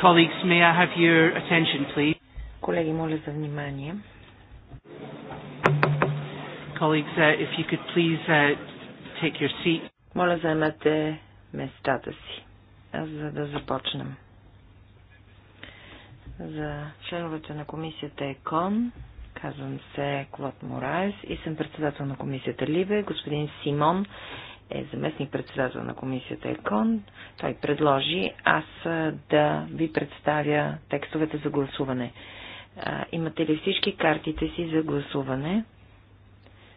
Colleagues, may I have your attention, please? Колеги, моля за внимание. Colleagues, uh, if you could please uh, take your seat. Моля, заемете местата си, за да започнем. За членовете на комисията ЕКОН, казвам се Клод Мораес и съм председател на комисията Либе. Господин Симон е заместник председател на комисията ЕКОН. Той предложи аз да ви представя текстовете за гласуване. А, имате ли всички картите си за гласуване?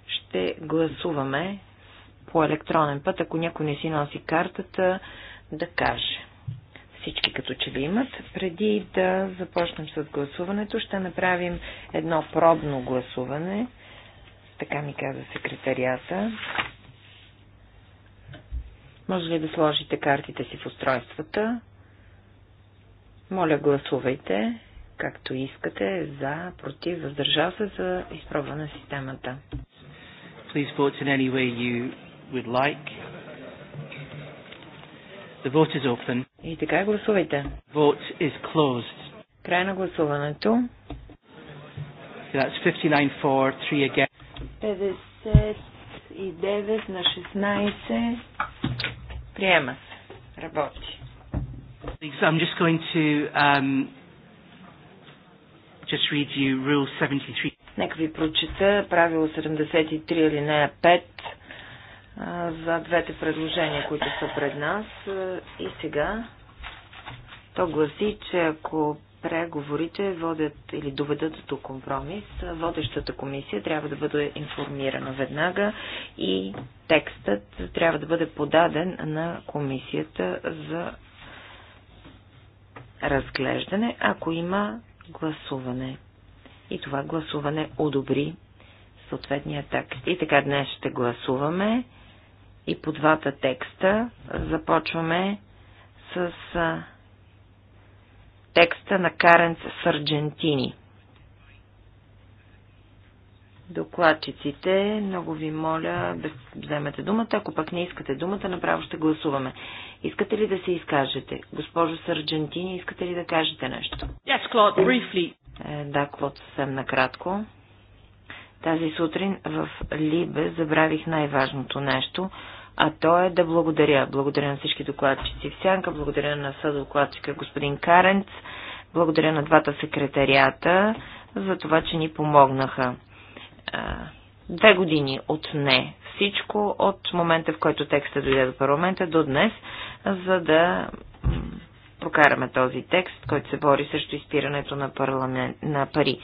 Ще гласуваме по електронен път, ако някой не си носи картата, да каже. Всички като че ли имат. Преди да започнем с гласуването, ще направим едно пробно гласуване. Така ми каза секретарията. Може ли да сложите картите си в устройствата? Моля, гласувайте, както искате, за, против, въздържал се за изпробване на системата. Please vote in any way you would like. The vote is open. И така гласувайте. Vote is closed. Край на гласуването. So that's 59 for, 3 against. 59 на 16 Приема се. Работи. I'm just going to um, just read you rule 73. Нека ви прочета правило 73 алинея 5 за двете предложения, които са пред нас. И сега то гласи, че ако преговорите водят или доведат до компромис, водещата комисия трябва да бъде информирана веднага и текстът трябва да бъде подаден на комисията за разглеждане, ако има гласуване. И това гласуване одобри съответния текст. И така днес ще гласуваме и по двата текста започваме с текста на Каренц Сарджентини. Докладчиците, много ви моля, без... вземете думата. Ако пък не искате думата, направо ще гласуваме. Искате ли да се изкажете? Госпожо Сарджентини, искате ли да кажете нещо? Yes, Claude, е, briefly. Е, да, Клод, съвсем накратко. Тази сутрин в Либе забравих най-важното нещо, а то е да благодаря. Благодаря на всички докладчици в Сянка, благодаря на съдокладчика господин Каренц, благодаря на двата секретарията за това, че ни помогнаха. Две години от не всичко, от момента в който текста дойде до парламента до днес, за да прокараме този текст, който се бори срещу изпирането на, парламент, на пари.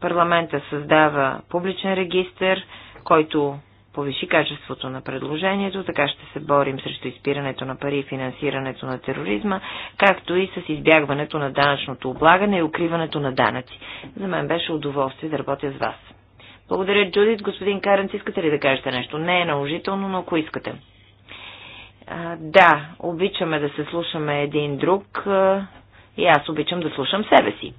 Парламента създава публичен регистр, който повиши качеството на предложението, така ще се борим срещу изпирането на пари и финансирането на тероризма, както и с избягването на данъчното облагане и укриването на данъци. За мен беше удоволствие да работя с вас. Благодаря, Джудит. Господин Каренц, искате ли да кажете нещо? Не е наложително, но ако искате да, обичаме да се слушаме един друг и аз обичам да слушам себе си.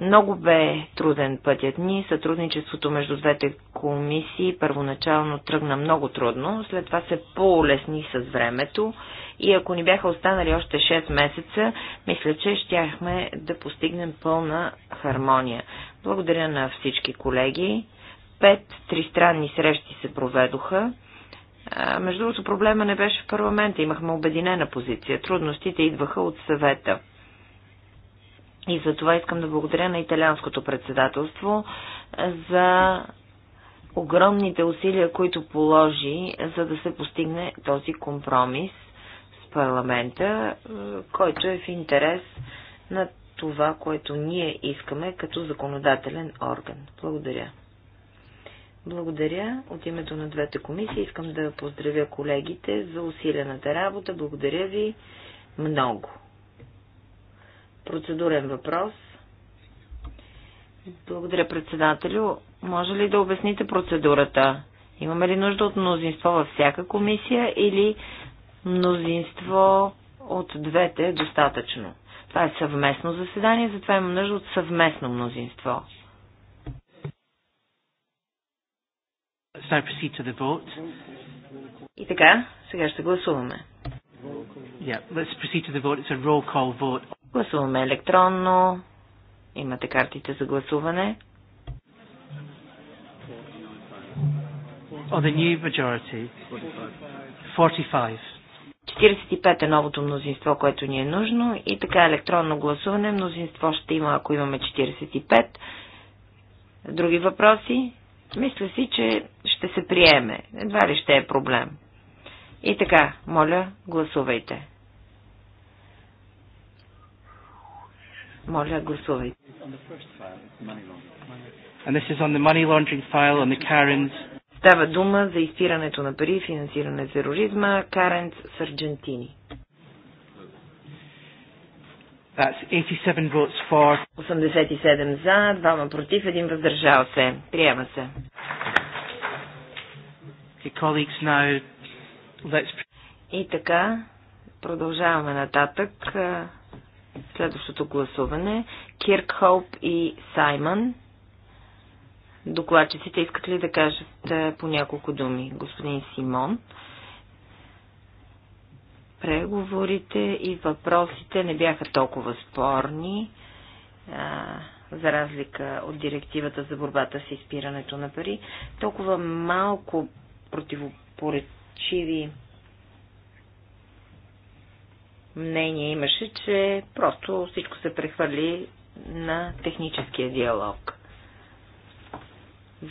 Много бе труден пътят ни. Сътрудничеството между двете комисии първоначално тръгна много трудно, след това се по-улесни с времето и ако ни бяха останали още 6 месеца, мисля, че щяхме да постигнем пълна хармония. Благодаря на всички колеги. Пет тристранни срещи се проведоха. Между другото, проблема не беше в парламента. Имахме обединена позиция. Трудностите идваха от съвета. И за това искам да благодаря на италианското председателство за огромните усилия, които положи, за да се постигне този компромис с парламента, който е в интерес на това, което ние искаме като законодателен орган. Благодаря. Благодаря. От името на двете комисии искам да поздравя колегите за усилената работа. Благодаря ви много. Процедурен въпрос. Благодаря, председателю. Може ли да обясните процедурата? Имаме ли нужда от мнозинство във всяка комисия или мнозинство от двете е достатъчно? Това е съвместно заседание, затова има нужда от съвместно мнозинство. proceed to the vote. И така, сега ще гласуваме. Yeah, let's proceed to the vote. It's a roll call vote. Гласуваме електронно. Имате картите за гласуване. Oh, the new majority. 45. 45 е новото мнозинство, което ни е нужно и така електронно гласуване мнозинство ще има, ако имаме 45. Други въпроси? Мисля си, че ще се приеме. Едва ли ще е проблем. И така, моля, гласувайте. Моля, гласувайте. And this is on the money laundering file on the Karens. Става дума за изтирането на пари и финансиране на тероризма каренс с Аржентини. That's 87 votes for. 87 за, 2 против, 1 въздържал се. Приема се. Okay, colleagues, now let's... И така, продължаваме нататък. Следващото гласуване. Кирк Хоуп и Саймън. Докладчиците искат ли да кажат по няколко думи? Господин Симон преговорите и въпросите не бяха толкова спорни, а, за разлика от директивата за борбата с изпирането на пари. Толкова малко противопоречиви мнения имаше, че просто всичко се прехвърли на техническия диалог.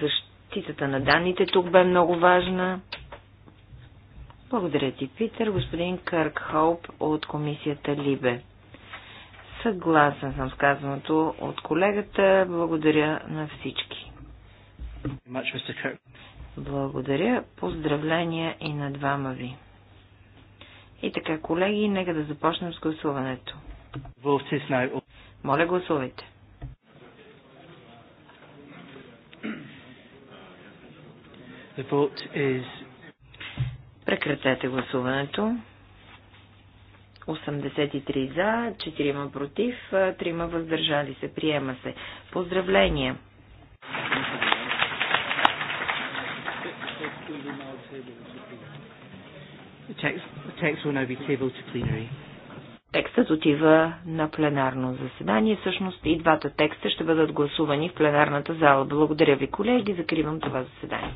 Защитата на данните тук бе много важна. Благодаря ти, Питер. Господин Кърк Хоуп от комисията Либе. Съгласен съм с казаното от колегата. Благодаря на всички. Благодаря. Поздравления и на двама ви. И така, колеги, нека да започнем с гласуването. Моля, гласувайте. The vote is Прекратете гласуването. 83 за, 4 против, 3 въздържали се. Приема се. Поздравления! Текстът отива на пленарно заседание. Всъщност и двата текста ще бъдат гласувани в пленарната зала. Благодаря ви, колеги. Закривам това заседание.